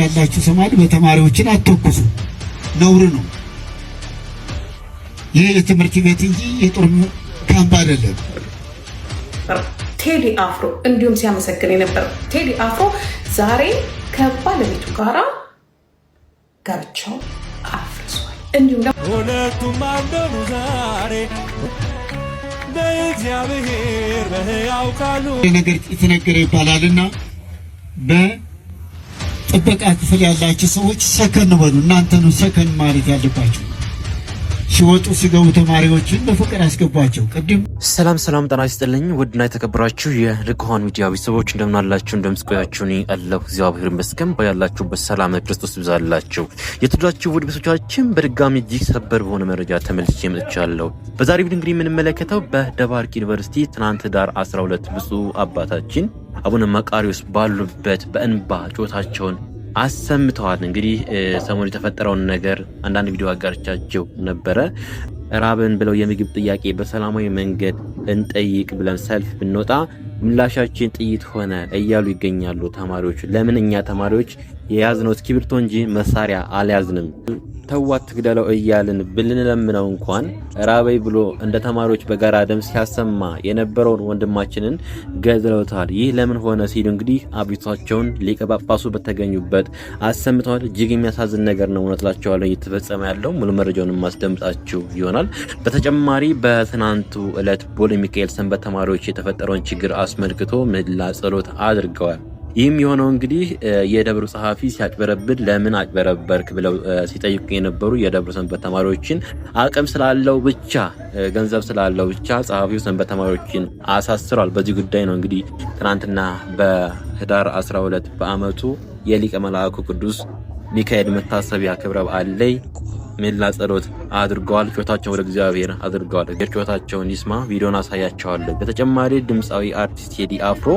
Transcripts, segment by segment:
ያላችሁ ሰማል በተማሪዎችን አትተኩሱ፣ ነውር ነው። ይህ የትምህርት ቤት እንጂ የጦር ካምፕ አይደለም። ቴዲ አፍሮ እንዲሁም ሲያመሰግን የነበረው ቴዲ አፍሮ ዛሬ ከባለቤቱ ጋራ ጋብቻው አፍርሷል። እንዲሁም ደግሞ ሁለቱም አንደሩ ዛሬ በእግዚአብሔር በሕያው ቃሉ ነገር የተነገረ ይባላልና ጥበቃ ክፍል ያላችሁ ሰዎች ሰከን በሉ። እናንተ ነው ሰከን ማለት ያለባችሁ። ሲወጡ ሲገቡ ተማሪዎችን በፍቅር አስገቧቸው። ቅድም ሰላም ሰላም፣ ጤና ይስጥልኝ ውድና የተከበራችሁ የልቅሆን ሚዲያ ቤተሰቦች እንደምናላችሁ፣ እንደምስቆያችሁን እኔ አለሁ እግዚአብሔር ይመስገን። ባላችሁበት ሰላም ክርስቶስ ይብዛላችሁ። የትዳችሁ ውድ ቤቶቻችን በድጋሚ እጅግ ሰበር በሆነ መረጃ ተመልሼ መጥቻለሁ። በዛሬ ቪዲዮ እንግዲህ የምንመለከተው በደባርቅ ዩኒቨርሲቲ ትናንት ዳር 12 ብፁዕ አባታችን አቡነ መቃሪዎስ ባሉበት በእንባ ጩኸታቸውን አሰምተዋል። እንግዲህ ሰሞኑ የተፈጠረውን ነገር አንዳንድ ቪዲዮ አጋርቻቸው ነበረ። ራብን ብለው የምግብ ጥያቄ በሰላማዊ መንገድ እንጠይቅ ብለን ሰልፍ ብንወጣ ምላሻችን ጥይት ሆነ እያሉ ይገኛሉ ተማሪዎች። ለምን እኛ ተማሪዎች የያዝነው እስክሪብቶ እንጂ መሳሪያ አልያዝንም። ተዋት ትግደለው እያልን ብንለምነው እንኳን ራበይ ብሎ እንደ ተማሪዎች በጋራ ደም ሲያሰማ የነበረውን ወንድማችንን ገድለውታል። ይህ ለምን ሆነ ሲሉ እንግዲህ አቤቱታቸውን ሊቀ ጳጳሱ በተገኙበት አሰምተዋል። እጅግ የሚያሳዝን ነገር ነው። እውነት ላቸዋለሁ እየተፈጸመ ያለው ሙሉ መረጃውን ማስደምጣችሁ ይሆናል። በተጨማሪ በትናንቱ ዕለት ቦሌ ሚካኤል ሰንበት ተማሪዎች የተፈጠረውን ችግር አስመልክቶ ምህላ ጸሎት አድርገዋል። ይህም የሆነው እንግዲህ የደብሩ ጸሐፊ ሲያጭበረብድ ለምን አጭበረበርክ ብለው ሲጠይቁ የነበሩ የደብሩ ሰንበት ተማሪዎችን አቅም ስላለው ብቻ ገንዘብ ስላለው ብቻ ጸሐፊው ሰንበት ተማሪዎችን አሳስሯል። በዚህ ጉዳይ ነው እንግዲህ ትናንትና በህዳር 12 በአመቱ የሊቀ መልአኩ ቅዱስ ሚካኤል መታሰቢያ ክብረ በዓል ላይ ሜላ ጸሎት አድርገዋል። ጩኸታቸውን ወደ እግዚአብሔር አድርገዋል። ጩኸታቸውን ይስማ። ቪዲዮን አሳያቸዋለን። በተጨማሪ ድምፃዊ አርቲስት ቴዲ አፍሮ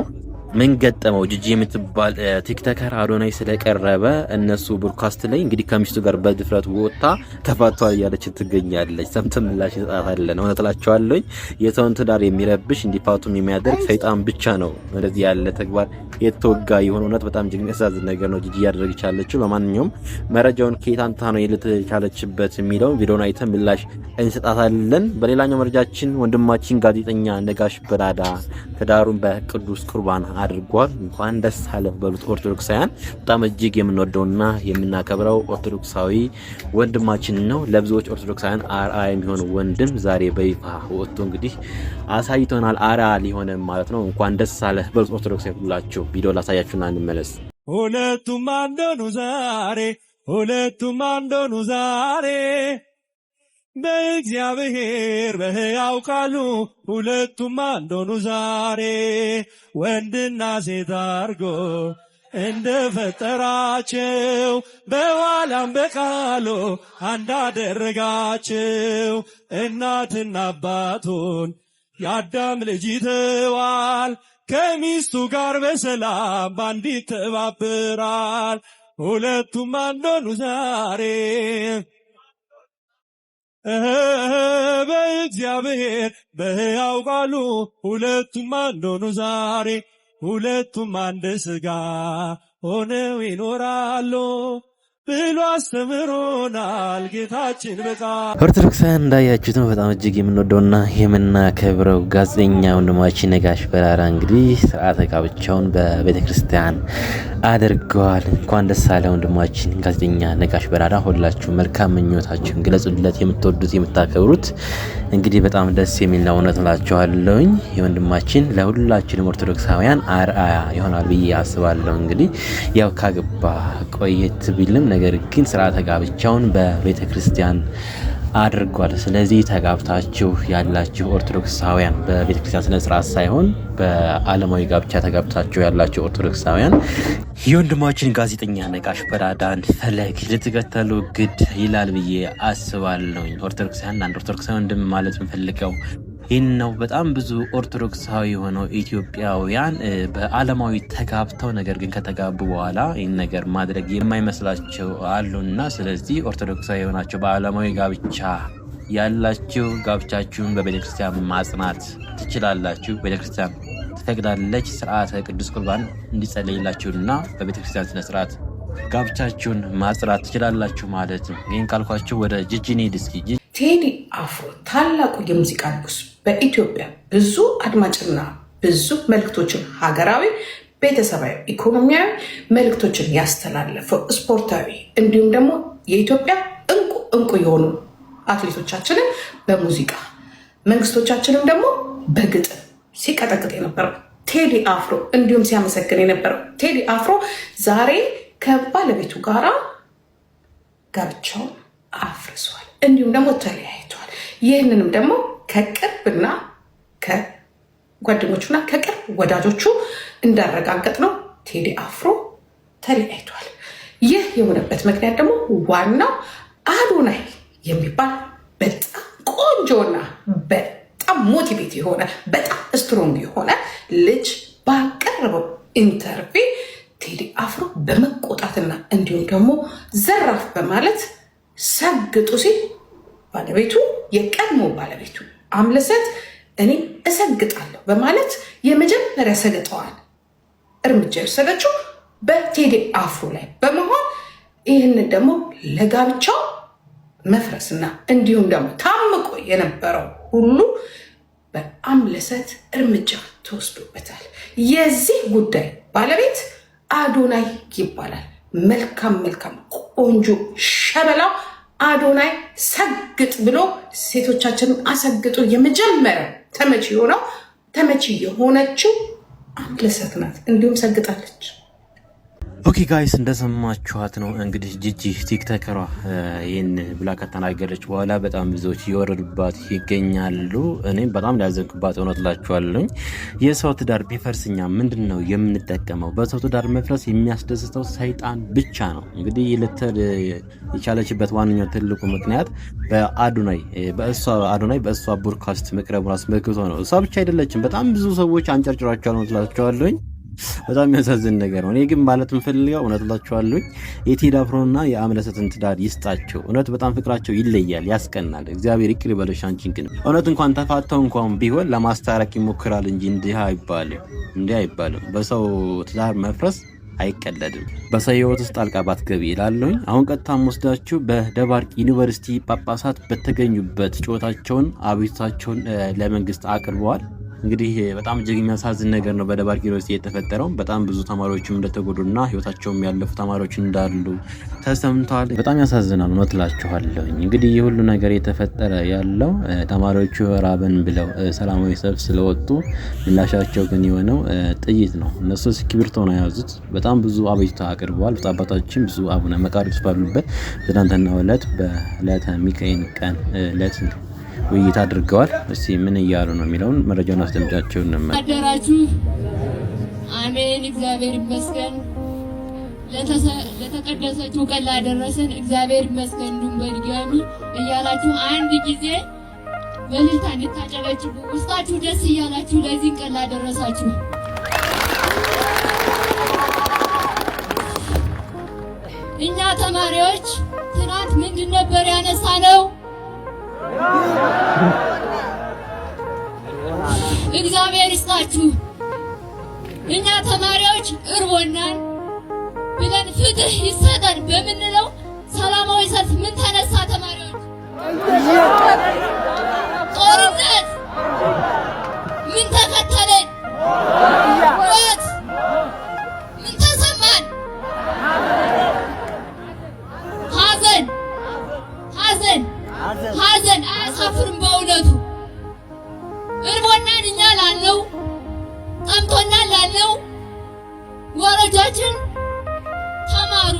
ምን ገጠመው? ጂጂ የምትባል ቲክቶከር አዶናይ ስለቀረበ እነሱ ብሮድካስት ላይ እንግዲህ ከሚስቱ ጋር በድፍረት ወጥታ ተፋቷል እያለች ትገኛለች። ሰምተን ምላሽ እንሰጣታለን። እውነት እላቸዋለሁኝ የሰውን ትዳር የሚረብሽ እንዲፋቱም የሚያደርግ ሰይጣን ብቻ ነው እንደዚህ ያለ ተግባር የተወጋ የሆነ እውነት በጣም እጅግ የሚያሳዝን ነገር ነው ጂጂ እያደረገች ያለችው። ለማንኛውም መረጃውን ከየት አምጥታ ነው የልትቻለችበት የሚለውን ቪዲዮን አይተን ምላሽ እንሰጣታለን። በሌላኛው መረጃችን ወንድማችን ጋዜጠኛ ነጋሽ በዳዳ ትዳሩን በቅዱስ ቁርባን አድርጓል። እንኳን ደስ አለህ በሉት ኦርቶዶክሳውያን። በጣም እጅግ የምንወደውና የምናከብረው ኦርቶዶክሳዊ ወንድማችን ነው። ለብዙዎች ኦርቶዶክሳውያን አርአያ የሚሆን ወንድም ዛሬ በይፋ ወጥቶ እንግዲህ አሳይቶናል። አርአያ ሊሆነ ማለት ነው። እንኳን ደስ አለህ በሉት ኦርቶዶክሳዊ ሁላችሁ። ቪዲዮ ላሳያችሁና እንመለስ። ሁለቱም አንድ ሆኑ ዛሬ ሁለቱም አንድ ሆኑ ዛሬ በእግዚአብሔር በሕያው ቃሉ ሁለቱም አንዶኑ ዛሬ ወንድና ሴት አርጎ እንደ ፈጠራቸው በኋላም በቃሉ አንዳደረጋቸው እናትና አባቱን የአዳም ልጅ ይተዋል፣ ከሚስቱ ጋር በሰላም ባንዲት ተባብራል። ሁለቱም አንዶኑ ዛሬ በእግዚአብሔር በሕያው ቃሉ ሁለቱም አንድ ሆኑ ዛሬ ሁለቱም አንድ ሥጋ ሆነው ይኖራሉ። ብሎ አስተምሮናል ጌታችን። በጣም እንዳያችሁት ነው። በጣም እጅግ የምንወደውና የምናከብረው ጋዜጠኛ ወንድማችን ነጋሽ በራራ እንግዲህ ስርዓተ ጋብቻውን በቤተ ክርስቲያን አድርገዋል። እንኳን ደስ አለ ወንድማችን ጋዜጠኛ ነጋሽ በራራ። ሁላችሁ መልካም ምኞታችሁን ግለጹለት፣ የምትወዱት የምታከብሩት። እንግዲህ በጣም ደስ የሚል ነው። እውነት እላችኋለሁኝ የወንድማችን ለሁላችንም ኦርቶዶክሳውያን አርአያ ይሆናል ብዬ አስባለሁ። እንግዲህ ያው ካገባ ቆየት ቢልም ነገር ግን ስርዓተ ጋብቻውን በቤተ ክርስቲያን አድርጓል። ስለዚህ ተጋብታችሁ ያላችሁ ኦርቶዶክሳውያን በቤተ ክርስቲያን ስነ ስርዓት ሳይሆን በዓለማዊ ጋብቻ ተጋብታችሁ ያላችሁ ኦርቶዶክሳውያን የወንድማችን ጋዜጠኛ ነቃሽ በራዳን ፈለግ ልትከተሉ ግድ ይላል ብዬ አስባለሁኝ። ኦርቶዶክሳውያን አንድ ኦርቶዶክሳዊ ወንድም ማለት የምፈልገው ይህን ነው በጣም ብዙ ኦርቶዶክሳዊ የሆነው ኢትዮጵያውያን በአለማዊ ተጋብተው ነገር ግን ከተጋቡ በኋላ ይህን ነገር ማድረግ የማይመስላቸው አሉና፣ ስለዚህ ኦርቶዶክሳዊ የሆናቸው በአለማዊ ጋብቻ ያላችሁ ጋብቻችሁን በቤተክርስቲያን ማጽናት ትችላላችሁ። ቤተክርስቲያን ትፈቅዳለች። ስርዓተ ቅዱስ ቁርባን እንዲጸለይላችሁና በቤተክርስቲያን ስነስርዓት ጋብቻችሁን ማጽራት ትችላላችሁ ማለት ነው። ይህን ካልኳችሁ ወደ ጅጅኔ ድስኪ ቴዲ አፍሮ ታላቁ የሙዚቃ ንጉስ በኢትዮጵያ ብዙ አድማጭና ብዙ መልክቶችን ሀገራዊ፣ ቤተሰባዊ፣ ኢኮኖሚያዊ መልክቶችን ያስተላለፈው ስፖርታዊ እንዲሁም ደግሞ የኢትዮጵያ እንቁ እንቁ የሆኑ አትሌቶቻችንን በሙዚቃ መንግስቶቻችንም ደግሞ በግጥም ሲቀጠቅጥ የነበረው ቴዲ አፍሮ እንዲሁም ሲያመሰግን የነበረው ቴዲ አፍሮ ዛሬ ከባለቤቱ ጋራ ጋብቻውን አፍርሷል፣ እንዲሁም ደግሞ ተለያይቷል። ይህንንም ደግሞ ከቅርብና ከጓደኞቹና ከቅርብ ወዳጆቹ እንዳረጋገጥ ነው ቴዲ አፍሮ ተለያይቷል። ይህ የሆነበት ምክንያት ደግሞ ዋናው አዶናይ የሚባል በጣም ቆንጆና በጣም ሞቲቬት የሆነ በጣም ስትሮንግ የሆነ ልጅ ባቀረበው ኢንተርቪው ዘራፍ በማለት ሰግጡ ሲል ባለቤቱ የቀድሞ ባለቤቱ አምለሰት እኔ እሰግጣለሁ በማለት የመጀመሪያ ሰገጠዋል እርምጃ የወሰደችው በቴዲ አፍሮ ላይ በመሆን ይህንን ደግሞ ለጋብቻው መፍረስና እንዲሁም ደግሞ ታምቆ የነበረው ሁሉ በአምለሰት እርምጃ ተወስዶበታል። የዚህ ጉዳይ ባለቤት አዶናይ ይባላል። መልካም መልካም ቆንጆ ሸበላው አዶናይ ሰግጥ ብሎ ሴቶቻችንን አሰግጦ የመጀመሪያ ተመቺ የሆነው ተመቺ የሆነችው አንድ ለሰት ናት። እንዲሁም ሰግጣለች። ኦኬ ጋይስ እንደሰማችኋት ነው እንግዲህ ጂጂ ቲክቶከሯ ይህን ብላ ከተናገረች በኋላ በጣም ብዙዎች እየወረዱባት ይገኛሉ። እኔም በጣም ሊያዘንኩባት እውነት ላችኋለኝ። የሰው ትዳር ምንድን ነው የምንጠቀመው? በሰው ትዳር መፍረስ የሚያስደስተው ሰይጣን ብቻ ነው። እንግዲህ ልትል የቻለችበት ዋነኛው ትልቁ ምክንያት በአዶናይ በእሷ አዶናይ በእሷ ቡድካስት መቅረቡን አስመልክቶ ነው። እሷ ብቻ አይደለችም። በጣም ብዙ ሰዎች አንጨርጭሯቸዋል እውነት ላችኋለኝ። በጣም የሚያሳዝን ነገር ነው። እኔ ግን ማለት ምፈልገው እውነት ላችኋለኝ የቴዲ አፍሮና የአምለሰትን ትዳር ይስጣቸው። እውነት በጣም ፍቅራቸው ይለያል፣ ያስቀናል። እግዚአብሔር ይቅር ይበለሽ። አንቺን ግን እውነት እንኳን ተፋተው እንኳን ቢሆን ለማስታረቅ ይሞክራል እንጂ እንዲህ አይባልም፣ እንዲህ አይባልም። በሰው ትዳር መፍረስ አይቀለድም። በሰው ህይወት ውስጥ ጣልቃ ባትገቢ ይላለኝ። አሁን ቀጥታም ወስዳችሁ በደባርቅ ዩኒቨርሲቲ ጳጳሳት በተገኙበት ጩኸታቸውን፣ አቤቱታቸውን ለመንግስት አቅርበዋል። እንግዲህ በጣም እጅግ የሚያሳዝን ነገር ነው በደባርቅ ዩኒቨርሲቲ የተፈጠረው። በጣም ብዙ ተማሪዎችም እንደተጎዱ እንደተጎዱና ህይወታቸውም ያለፉ ተማሪዎች እንዳሉ ተሰምተዋል። በጣም ያሳዝናል። እውነት እላችኋለሁ። እንግዲህ ይህ ሁሉ ነገር የተፈጠረ ያለው ተማሪዎቹ ራበን ብለው ሰላማዊ ሰልፍ ስለወጡ ምላሻቸው ግን የሆነው ጥይት ነው። እነሱ እስክሪብቶ ነው የያዙት። በጣም ብዙ አቤቱታ አቅርበዋል። ብፁዕ አባታችን ብፁዕ አቡነ መቃርስ ባሉበት ትናንትና ዕለት በዕለተ ሚካኤል ቀን ዕለት ውይይት አድርገዋል። እስቲ ምን እያሉ ነው የሚለውን መረጃውን አስደምጫቸው እንመደራችሁ። አሜን፣ እግዚአብሔር ይመስገን። ለተቀደሰችው ቀን ላደረሰን እግዚአብሔር ይመስገን። እንዲሁም በድጋሚ እያላችሁ አንድ ጊዜ በልልታ እንድታጨበጭቡ ውስጣችሁ ደስ እያላችሁ ለዚህን ቀን ላደረሳችሁ እኛ ተማሪዎች ትናንት ምንድን ነበር ያነሳ ነው? እግዚአብሔር ይስጣችሁ። እኛ ተማሪዎች እርቦናል ብለን ፍትህ ይሰጠን በምንለው ሰላማዊ ሰልፍ ምን ተነሳ? ተማሪዎች ጦርነት ምን ተከተለን? ሞት እርቦናል እኛ ላለው ጠምቶናል ላለው ወረጃችን ተማሩ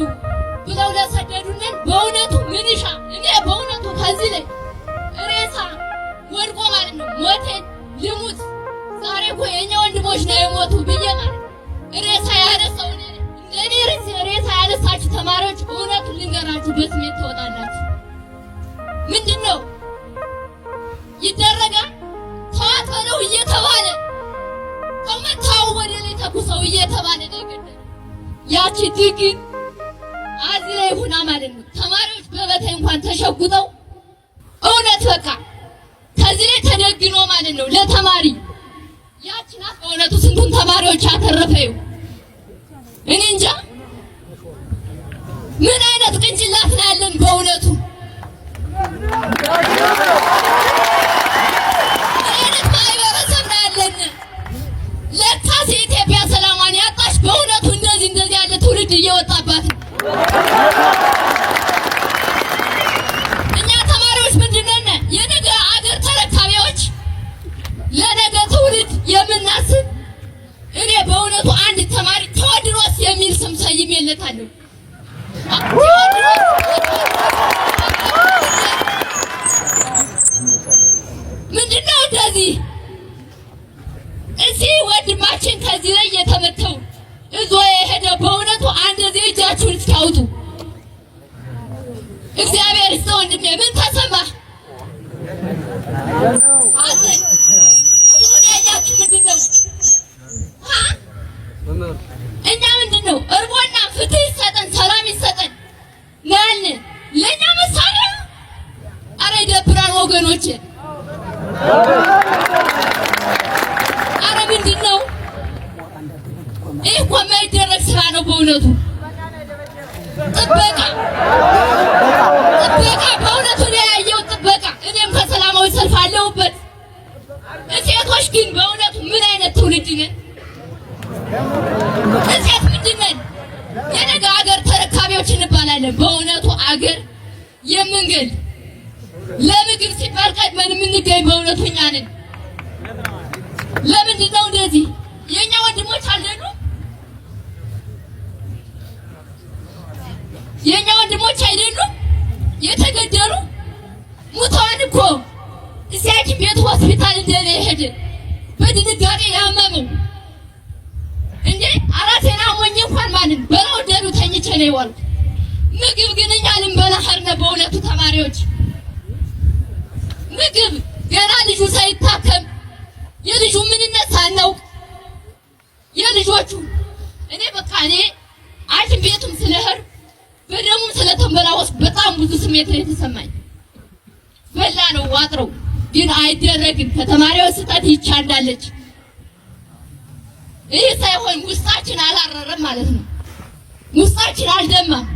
ብለው ለሰደዱልን በእውነቱ ምንሻ እኔ በእውነቱ ከዚህ ላይ ሬሳ ወድቆ ማለት ነው ሞቴን ልሙት ዛሬ እኮ የእኛ ወንድሞች ነው የሞቱ ብዬ ማለት ሬሳ ያነሳው እንደኔ ሬሳ ያነሳችሁ ተማሪዎች እውነቱን ልንገራችሁ በስሜት ትወጣላችሁ። ምንድን ነው ይደረጋል ፋታ ነው እየተባለ ከመታው ወደ ላይ ተኩሰው እየተባለ ነገር ያቺ ድግን አዚህ ላይ ሆና ማለት ነው። ተማሪዎች በበታይ እንኳን ተሸጉጠው እውነት በቃ ከዚህ ላይ ተደግኖ ማለት ነው ለተማሪ ያቺ በእውነቱ ስንቱን ተማሪዎች ያተረፈው። እኔ እንጃ ምን አይነት ቅንጭላት ነው ያለን በእውነቱ do you ምግብ ግን እኛ ልንበላ ሄድን። በሁለቱ ተማሪዎች ምግብ ገና ልጁ ሳይታከም የልጁ ምንነት ሳናውቅ የልጆቹ እኔ በቃ እኔ ሐኪም ቤቱም ስለሄድን በደሙም ስለተንበላወስኩ በጣም ብዙ ስሜት ነው የተሰማኝ። በላ ነው ዋጥረው ግን አይደረግም። ከተማሪዎች ስጠት ይቻላልች። ይህ ሳይሆን ውስጣችን አላረረም ማለት ነው። ውስጣችን አልደማም።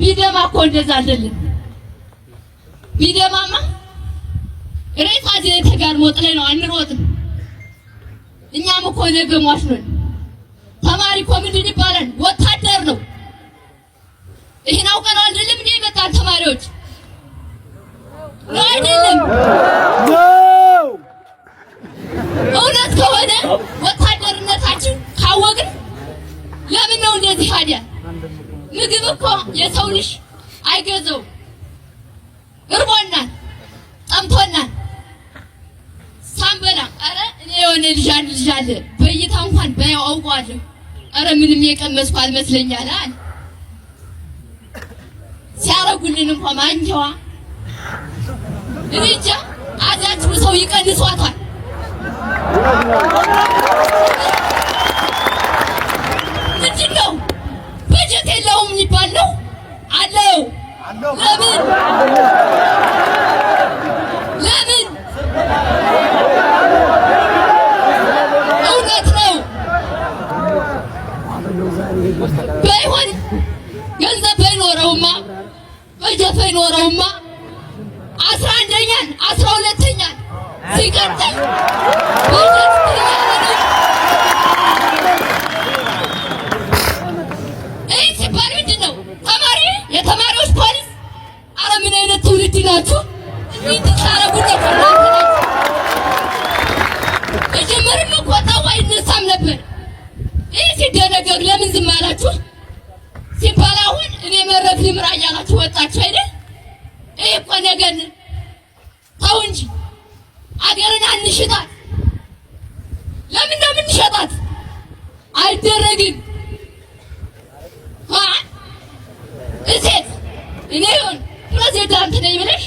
ቢደማ እኮ እንደዛ አይደለም። ቢደማማ ሬሳ ዘይት ጋር ነው አንሮጥም። እኛም እኮ ነገ ሟች ነን። ተማሪ እኮ ምንድን ይባላል? ወታደር ነው። ይህን አይደለም? ይመጣል ተማሪዎች አይደለም። እውነት ከሆነ ወታደርነታችን ካወቅን ለምን ነው እንደዚህ ታዲያ ምግብ እኮ የሰው ልጅ አይገዘው። እርቦናል፣ ጠምቶናል፣ ሳንበላ ኧረ እኔ የሆነ ልጅ አንድ ልጅ አለ በእይታ እንኳን በያው አውቀዋለሁ። ኧረ ምንም የቀመስኩ አልመስለኛል አለ ሲያረጉልን እንኳ ማንኛዋ እንጃ አዛችሁ ሰው ይቀንሷታል። የለውም የሚባል ነው። አለው። ለምን ለምን? እውነት ነው። በይሆን ገንዘብ ባይኖረውማ በጀት ባይኖረውማ አስራ አንደኛን አስራ ሁለተኛን ሲቀጥል የተማሪዎች ፖሊስ። አረ ምን አይነት ትውልድ ናችሁ? እንዲህ ተሳረቡ መጀመርም እኮ ታው አይነሳም ነበር። ይህ ሲደነገግ ለምን ዝም አላችሁ ሲባል አሁን እኔ መረብ ልምራ እያላችሁ ወጣችሁ አይደል? ይህ እኮ ነገን ተው እንጂ አገርን አንሽጣት። ለምን እንደምንሸጣት አይደረግም እሴት እኔ ይሁን ነኝ ብለሽ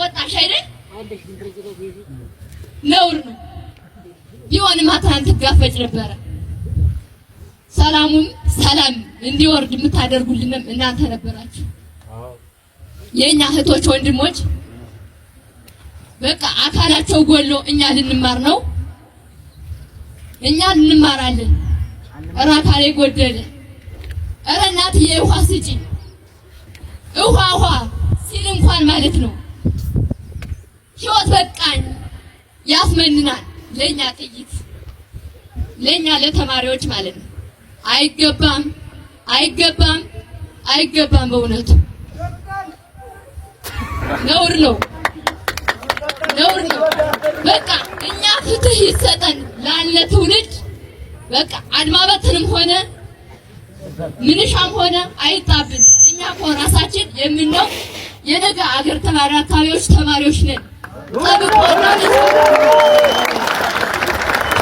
ወጣሽ አይደል? ነውር ነው። ትጋፈጭ ነበረ። ሰላሙም ሰላም እንዲወርድ የምታደርጉልንም እናንተ ነበራችሁ። የእኛ እህቶች ወንድሞች በቃ አካላቸው ጎሎ እኛ ልንማር ነው። እኛ እንማራለን። እረ አካሌ ጎደለ፣ እረ እናትዬ ውሃ ስጪ እውሃ ውሃ ሲል እንኳን ማለት ነው። ህይወት በቃኝ ያስመንናል። ለእኛ ጥይት ለእኛ ለተማሪዎች ማለት ነው። አይገባም አይገባም አይገባም። በእውነቱ ነውር ነው ነውር ነው። በቃ እኛ ፍትህ ይሰጠን ላለ ትውልድ በቃ አድማበትንም ሆነ ምንሻም ሆነ አይጣብን። እኛ እኮ ራሳችን የምንነው የነገ አገር ተማሪ አካባቢዎች ተማሪዎች ነን።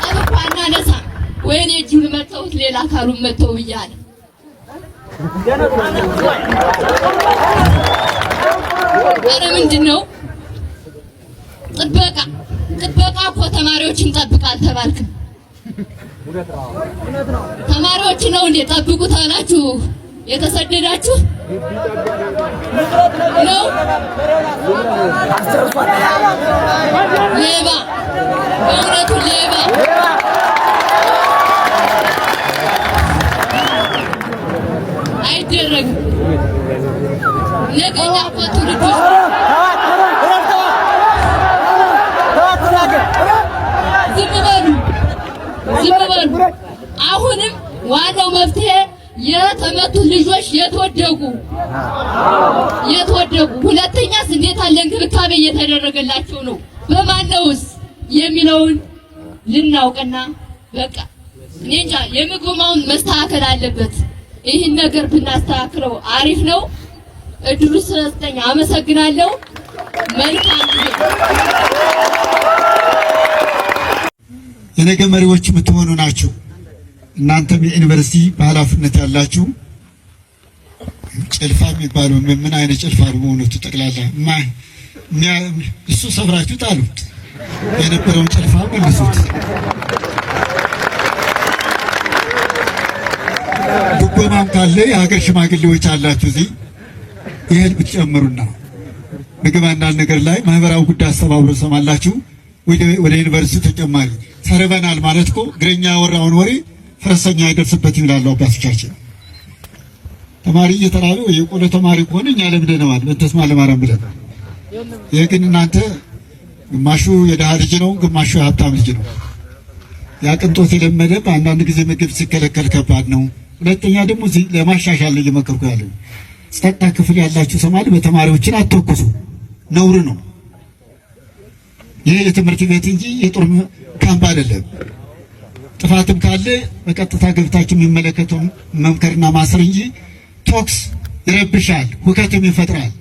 ጠብቋና ነሳ ወይኔ እጁን መተውት ሌላ አካሉን መተው ብያለሁ። ኧረ ምንድን ነው ጥበቃ ጥበቃ እኮ ተማሪዎችን ጠብቅ ተባልክ ተማሪዎች ነው እንዴ ጠብቁ ተላችሁ የተሰደዳችሁ ነው። ሌባ በእውነቱ ሌባ አይደረግም። ነገ ያፈ ትውልዶች ዝም በሉ ዝም በሉ። አሁንም ዋናው መፍትሄ የተመቱ ልጆች የተወደጉ የተወደጉ። ሁለተኛ እንዴት አለ እንክብካቤ እየተደረገላቸው ነው? በማነውስ የሚለውን ልናውቅና በቃ እኔ እንጃ የምግቡማውን መስተካከል አለበት። ይህን ነገር ብናስተካክለው አሪፍ ነው። እድሉ ስለተሰጠኝ አመሰግናለሁ። መልካም የነገ መሪዎች የምትሆኑ ናችሁ። እናንተም የዩኒቨርሲቲ በኃላፊነት ያላችሁ ጭልፋ የሚባለው ምን አይነት ጭልፋ ነው በእውነቱ? ጠቅላላ እሱ ሰብራችሁ ጣሉት፣ የነበረውን ጭልፋ መልሱት። ጉቦማም ካለ የሀገር ሽማግሌዎች አላችሁ እዚህ ይህን ብትጨምሩና ምግብ አንዳንድ ነገር ላይ ማህበራዊ ጉዳይ አስተባብሮ ሰማላችሁ ወደ ዩኒቨርሲቲ ተጨማሪ ተርበናል ማለት እኮ እግረኛ ያወራውን ወሬ ፈረሰኛ አይደርስበትም ይላሉ አባቶቻችን። ተማሪ እየተራሩ የቆሎ ተማሪ ከሆነ እኛ ለምደነዋል፣ መንተስማ ለማርያም ብለን። ይህ ግን እናንተ ግማሹ የድሃ ልጅ ነው፣ ግማሹ የሀብታም ልጅ ነው። ያ ያቅንጦት የለመደ በአንዳንድ ጊዜ ምግብ ሲከለከል ከባድ ነው። ሁለተኛ ደግሞ ለማሻሻል ነው እየመከርኩ ያለ ጸጥታ ክፍል ያላችሁ ሰማል በተማሪዎችን አትተኩሱ፣ ነውር ነው። ይህ የትምህርት ቤት እንጂ የጦር ካምፕ አይደለም። ጥፋትም ካለ በቀጥታ ገብታችሁ የሚመለከተው መምከርና ማስር እንጂ ቶክስ ይረብሻል፣ ሁከትም ይፈጥራል።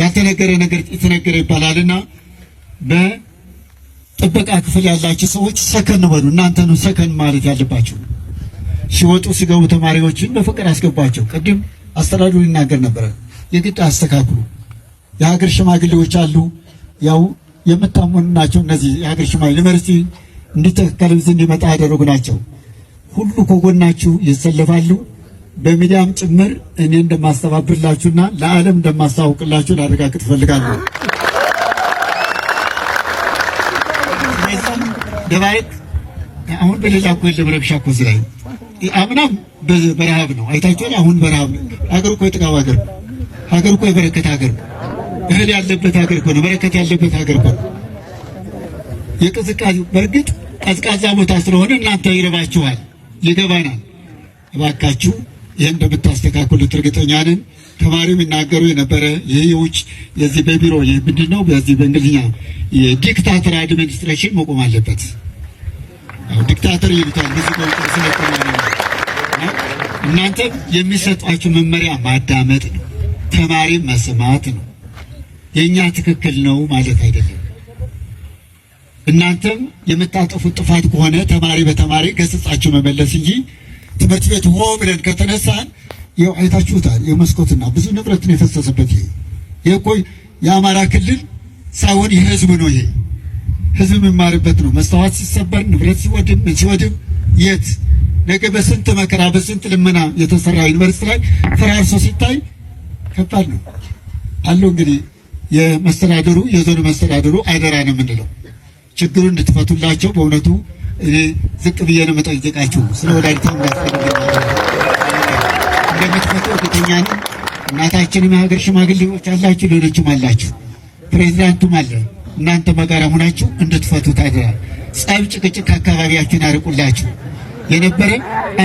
ያልተነገረ ነገር የተነገረ ይባላልና በጥበቃ ክፍል ያላችሁ ሰዎች ሰከን በሉ። እናንተ ነው ሰከን ማለት ያለባቸው ሲወጡ ሲገቡ ተማሪዎችን በፍቅር አስገባቸው ቅድም አስተዳድሩ ይናገር ነበረ። የግድ አስተካክሉ። የሀገር ሽማግሌዎች አሉ። ያው የምታመኑ ናቸው እነዚህ የሀገር ሽማግሌ ዩኒቨርሲቲ እንዲተካከሉት እንዲመጣ ያደረጉ ናቸው። ሁሉ ከጎናችሁ ይሰለፋሉ። በሚዲያም ጭምር እኔ እንደማስተባብርላችሁና ለዓለም እንደማስታውቅላችሁ ላረጋግጥ እፈልጋለሁ። ደባይት አሁን በሌላ እኮ የለም ረብሻ እኮ እዚህ ላይ አምናም በረሃብ ነው አይታችኋል። አሁን በረሃብ ነው። ሀገር እኮ የጥጋብ ሀገር ሀገር እኮ የበረከት ሀገር እህል ያለበት ሀገር እኮ ነው። በረከት ያለበት ሀገር እኮ ነው። የቅዝቃዜ በእርግጥ ቀዝቃዛ ቦታ ስለሆነ እናንተ ይረባችኋል፣ ይገባናል። እባካችሁ ይህን እንደምታስተካክሉት እርግጠኛ ነን። ተማሪው የሚናገሩ የነበረ ይህ የውጭ የዚህ በቢሮ ምንድን ነው በዚህ በእንግሊዝኛ የዲክታተር አድሚኒስትሬሽን መቆም አለበት። ዲክታተር ይሉታል ብዙ እናንተም የሚሰጧችሁ መመሪያ ማዳመጥ ነው፣ ተማሪም መስማት ነው። የእኛ ትክክል ነው ማለት አይደለም። እናንተም የምታጠፉት ጥፋት ከሆነ ተማሪ በተማሪ ገስጻችሁ መመለስ እንጂ ትምህርት ቤት ሆ ብለን ከተነሳን ይኸው አይታችሁታል። የመስኮትና ብዙ ንብረትን የፈሰሰበት ይሄ ይህ እኮ የአማራ ክልል ሳይሆን የህዝብ ነው። ይሄ ህዝብ የሚማርበት ነው። መስታወት ሲሰበር ንብረት ሲወድም ምን ሲወድም የት ነገ በስንት መከራ በስንት ልመና የተሰራ ዩኒቨርሲቲ ላይ ፈራርሶ ሲታይ ከባድ ነው አለው። እንግዲህ የመስተዳደሩ የዞን መስተዳደሩ አደራ ነው የምንለው ችግሩ እንድትፈቱላቸው በእውነቱ እኔ ዝቅ ብዬ ነው መጠየቃችሁ። ስለ ወላዲተ እንደምትፈቱ እርግጠኛ ነኝ። እናታችንም የሀገር ሽማግሌዎች አላችሁ፣ ሌሎችም አላችሁ፣ ፕሬዚዳንቱም አለ። እናንተ በጋራ ሆናችሁ እንድትፈቱ ታድራል። ጸብ፣ ጭቅጭቅ አካባቢያችን አርቁላችሁ የነበረ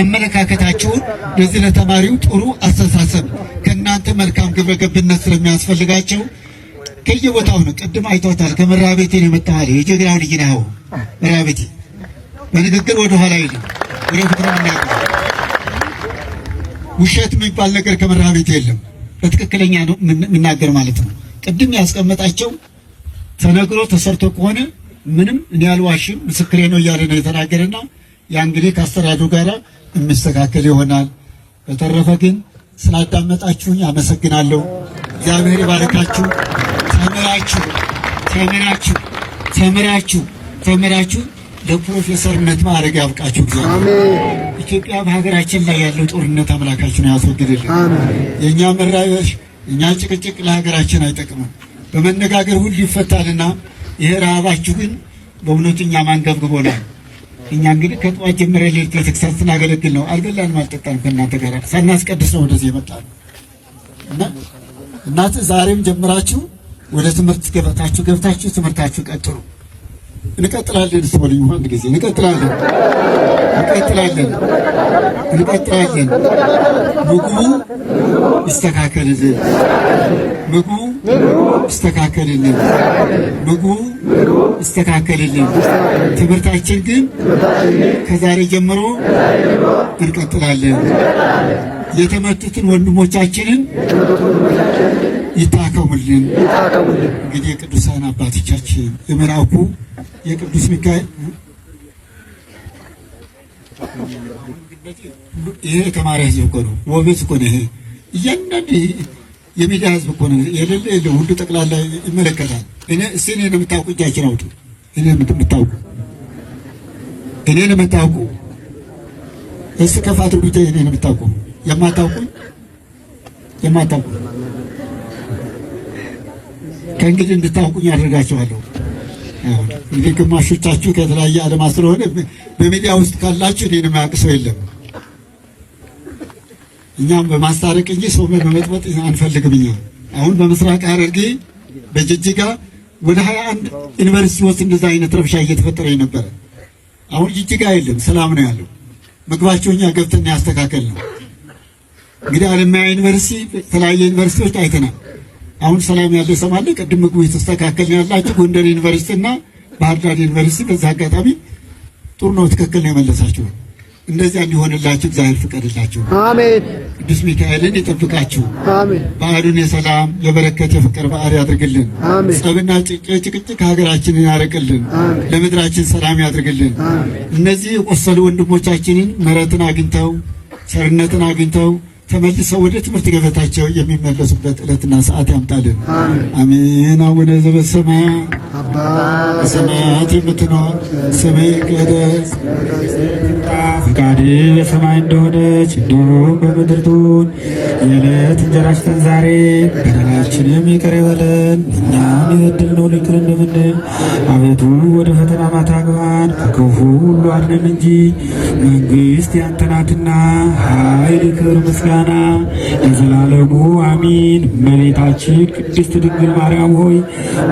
አመለካከታችሁን ለዚህ ለተማሪው ጥሩ አስተሳሰብ ከእናንተ መልካም ግብረ ገብነት ስለሚያስፈልጋቸው ከየቦታው ነው። ቅድም አይተውታል። ከመራ ቤቴ ነው የመጣኸው። የጀግናው ልጅ ነው መራ ቤቴ። በንግግር ወደ ኋላ ይል ወደ ፍቅር ምናገር ውሸት የሚባል ነገር ከመራ ቤቴ የለም። በትክክለኛ ነው የምናገር ማለት ነው። ቅድም ያስቀመጣቸው ተነግሮ ተሰርቶ ከሆነ ምንም እኔ አልዋሽም፣ ምስክሬ ነው እያለ ነው የተናገረና ያ እንግዲህ ከአስተዳደሩ ጋር የሚስተካከል ይሆናል። በተረፈ ግን ስላዳመጣችሁኝ አመሰግናለሁ። እግዚአብሔር ይባርካችሁ። ተምራችሁ ተምራችሁ ተምራችሁ ተምራችሁ ለፕሮፌሰርነት ማዕረግ ያብቃችሁ። ጊዜ ኢትዮጵያ በሀገራችን ላይ ያለው ጦርነት አምላካችን ያስወግድልን። የእኛ መራዮች፣ እኛ ጭቅጭቅ ለሀገራችን አይጠቅምም። በመነጋገር ሁሉ ይፈታልና ይህ ረሃባችሁ ግን በእውነቱ እኛ ማንገብግቦናል። እኛ እንግዲህ ከጠዋት ጀምረ ሌት ለተክሳት ስናገለግል ነው። አልበላንም፣ አልጠጣን ከእናንተ ጋር ሳናስቀድስ ነው ወደዚህ የመጣ ነው እና እናት ዛሬም ጀምራችሁ ወደ ትምህርት ገበታችሁ ገብታችሁ ትምህርታችሁ ቀጥሉ። እንቀጥላለን ስበልኝ አንድ ጊዜ እንቀጥላለን፣ እንቀጥላለን፣ እንቀጥላለን። ምግቡ ይስተካከልልን፣ ምግቡ ይስተካከልልን፣ ምግቡ ይስተካከልልን። ትምህርታችን ግን ከዛሬ ጀምሮ እንቀጥላለን። የተመቱትን ወንድሞቻችንን ይታከሙልን። እንግዲህ የቅዱሳን አባቶቻችን የመልአኩ የቅዱስ ሚካኤል ይሄ የተማሪ ህዝብ እኮ ነው። ወቤት እኮ ነው። ይሄ እያንዳንዱ የሚዲያ ህዝብ እኮ ነው። የሌለ የለ ሁሉ ጠቅላላ ይመለከታል። እኔ እስ እኔ የምታውቁ እጃችን አውጡ። እኔ የምታውቁ እኔ የምታውቁ እስ ከፍ አድርጉ። እኔ የምታውቁ የማታውቁ የማታውቁ ከእንግዲህ እንድታውቁኝ አድርጋችኋለሁ። እንግዲህ ግማሾቻችሁ ከተለያየ አለማት ስለሆነ በሚዲያ ውስጥ ካላችሁ እኔን የማያውቅ ሰው የለም። እኛም በማስታረቅ እንጂ ሰው በመጥበጥ አንፈልግም። እኛ አሁን በምስራቅ ሐረርጌ በጅጅጋ ወደ ሀያ አንድ ዩኒቨርሲቲዎች እንደዛ አይነት ረብሻ እየተፈጠረ ነበረ። አሁን ጅጅጋ የለም፣ ሰላም ነው ያለው። ምግባቸው እኛ ገብተን ያስተካከል ነው። እንግዲህ አለማያ ዩኒቨርሲቲ፣ የተለያየ ዩኒቨርሲቲዎች አይተናል። አሁን ሰላም ያለ ሰማለ ቅድም ምግቡ የተስተካከል ያላችሁ ጎንደር ዩኒቨርሲቲ እና ባህር ዳር ዩኒቨርሲቲ በዛ አጋጣሚ ጥሩ ነው፣ ትክክል ነው የመለሳችሁ። እንደዚያ እንዲሆንላችሁ እግዚአብሔር ፍቀድላችሁ። አሜን። ቅዱስ ሚካኤልን ይጠብቃችሁ። አሜን። በዓሉን የሰላም የበረከት የፍቅር በዓል ያድርግልን። አሜን። ጸብና ጭቅጭቅ ሀገራችንን ያርቅልን። ለምድራችን ሰላም ያድርግልን። እነዚህ የቆሰሉ ወንድሞቻችንን ምሕረትን አግኝተው ቸርነትን አግኝተው ተመልሰው ወደ ትምህርት ገበታቸው የሚመለሱበት ዕለትና ሰዓት ያምጣልን። አሜን። አቡነ ዘበሰማያ በሰማያት የምትኖር ስምህ ይቀደስ፣ ፈቃድህ በሰማይ እንደሆነች እንዲሁም በምድር ትሁን። የዕለት እንጀራችንን ዛሬ በደላችንም ይቅር በለን እኛም የበደልነውን ይቅር እንደምንል፣ አቤቱ ወደ ፈተና አታግባን ከክፉ ሁሉ አድነን እንጂ መንግሥት ያንተ ናትና ኃይል፣ ክብር፣ ምስጋና ምስጋና ለዘላለሙ አሚን። እመቤታችን ቅድስት ድንግል ማርያም ሆይ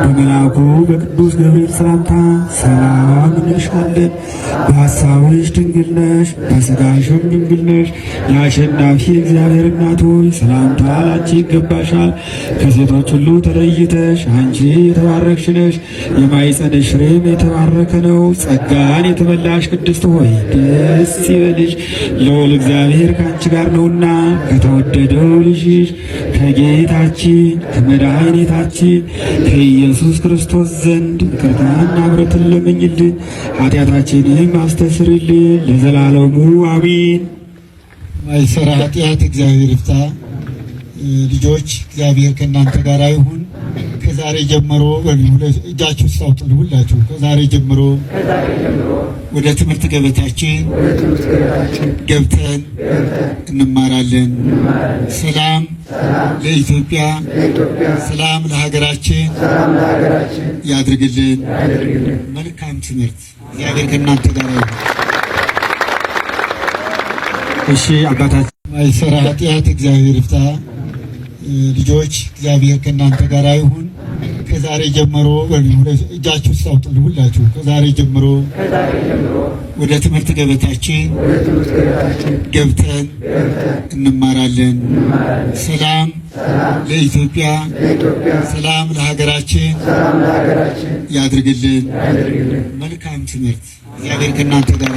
በመልአኩ በቅዱስ ገብርኤል ሰላምታ ሰላም እንልሻለን። በሀሳብሽ ድንግል ነሽ፣ በስጋሽም ድንግል ነሽ። የአሸናፊ እግዚአብሔር እናት ሆይ ሰላምታ ላንቺ ይገባሻል። ከሴቶች ሁሉ ተለይተሽ አንቺ የተባረክሽ ነሽ። የማኅፀንሽ ፍሬም የተባረከ ነው። ጸጋን የተመላሽ ቅድስት ሆይ ደስ ይበልሽ፣ ልዑል እግዚአብሔር ከአንቺ ጋር ነውና ከተወደደው ልጅሽ ከጌታችን ከመድኃኒታችን ከኢየሱስ ክርስቶስ ዘንድ ይቅርታና ምሕረትን ለምኝልን ኃጢአታችንም አስተስርልን ለዘላለሙ አሜን። ማይሰራ ኃጢአት እግዚአብሔር ይፍታ። ልጆች እግዚአብሔር ከእናንተ ጋር ይሁን። ከዛሬ ጀምሮ እጃችሁ ስታውጥሉ ሁላችሁ ከዛሬ ጀምሮ ወደ ትምህርት ገበታችን ገብተን እንማራለን። ሰላም ለኢትዮጵያ፣ ሰላም ለሀገራችን ያድርግልን። መልካም ትምህርት። እግዚአብሔር ከእናንተ ጋር ይሁን። እሺ አባታችን ማይሰራ ኃጢአት እግዚአብሔር ይፍታ። ልጆች እግዚአብሔር ከእናንተ ጋር ይሁን። ከዛሬ ጀምሮ እጃችሁ ስታውጥሉ ሁላችሁ ከዛሬ ጀምሮ ወደ ትምህርት ገበታችን ገብተን እንማራለን። ሰላም ለኢትዮጵያ፣ ሰላም ለሀገራችን ያድርግልን። መልካም ትምህርት። እግዚአብሔር ከእናንተ ጋር።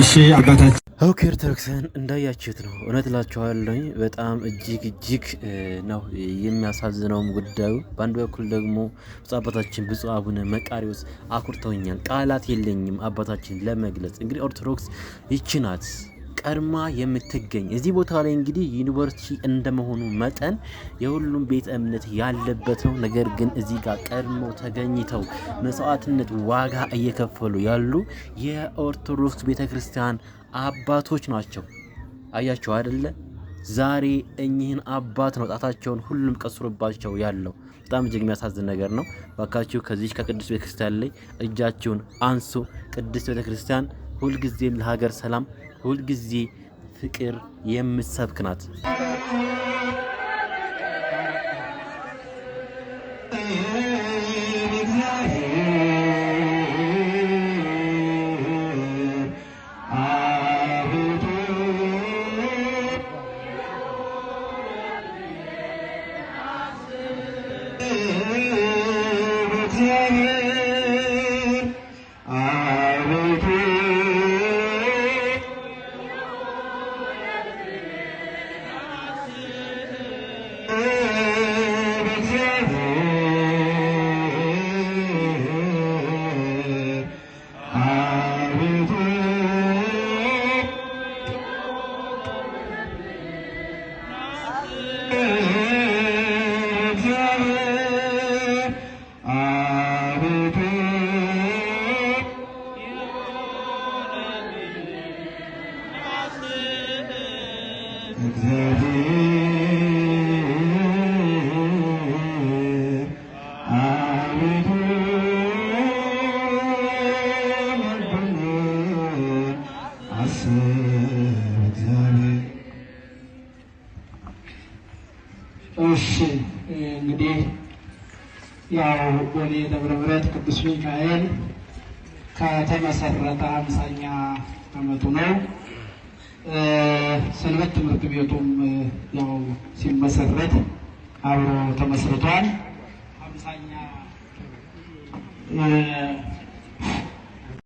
እሺ አባታችን ኦኬ ኦርቶዶክስን እንዳያችሁት ነው። እውነት ላችኋለኝ በጣም እጅግ እጅግ ነው የሚያሳዝነውም ጉዳዩ። በአንድ በኩል ደግሞ ብፁዕ አባታችን ብፁዕ አቡነ መቃሪዎስ አኩርተውኛል። ቃላት የለኝም አባታችን ለመግለጽ። እንግዲህ ኦርቶዶክስ ይቺ ናት ቀድማ የምትገኝ እዚህ ቦታ ላይ እንግዲህ ዩኒቨርሲቲ እንደመሆኑ መጠን የሁሉም ቤተ እምነት ያለበት ነው። ነገር ግን እዚህ ጋር ቀድሞ ተገኝተው መስዋዕትነት ዋጋ እየከፈሉ ያሉ የኦርቶዶክስ ቤተ ክርስቲያን አባቶች ናቸው። አያቸው አይደለ? ዛሬ እኚህን አባት ነው ጣታቸውን ሁሉም ቀስሮባቸው ያለው። በጣም እጅግ የሚያሳዝን ነገር ነው። ባካችሁ ከዚህ ከቅዱስ ቤተክርስቲያን ላይ እጃችሁን አንሱ። ቅዱስ ቤተክርስቲያን ሁልጊዜም ለሀገር ሰላም፣ ሁልጊዜ ፍቅር የምትሰብክ ናት። ሚካኤል ከተመሰረተ አምሳኛ ዓመቱ ነው። ሰንበት ትምህርት ቤቱም ያው ሲመሰረት አብሮ ተመስርቷል። አምሳኛ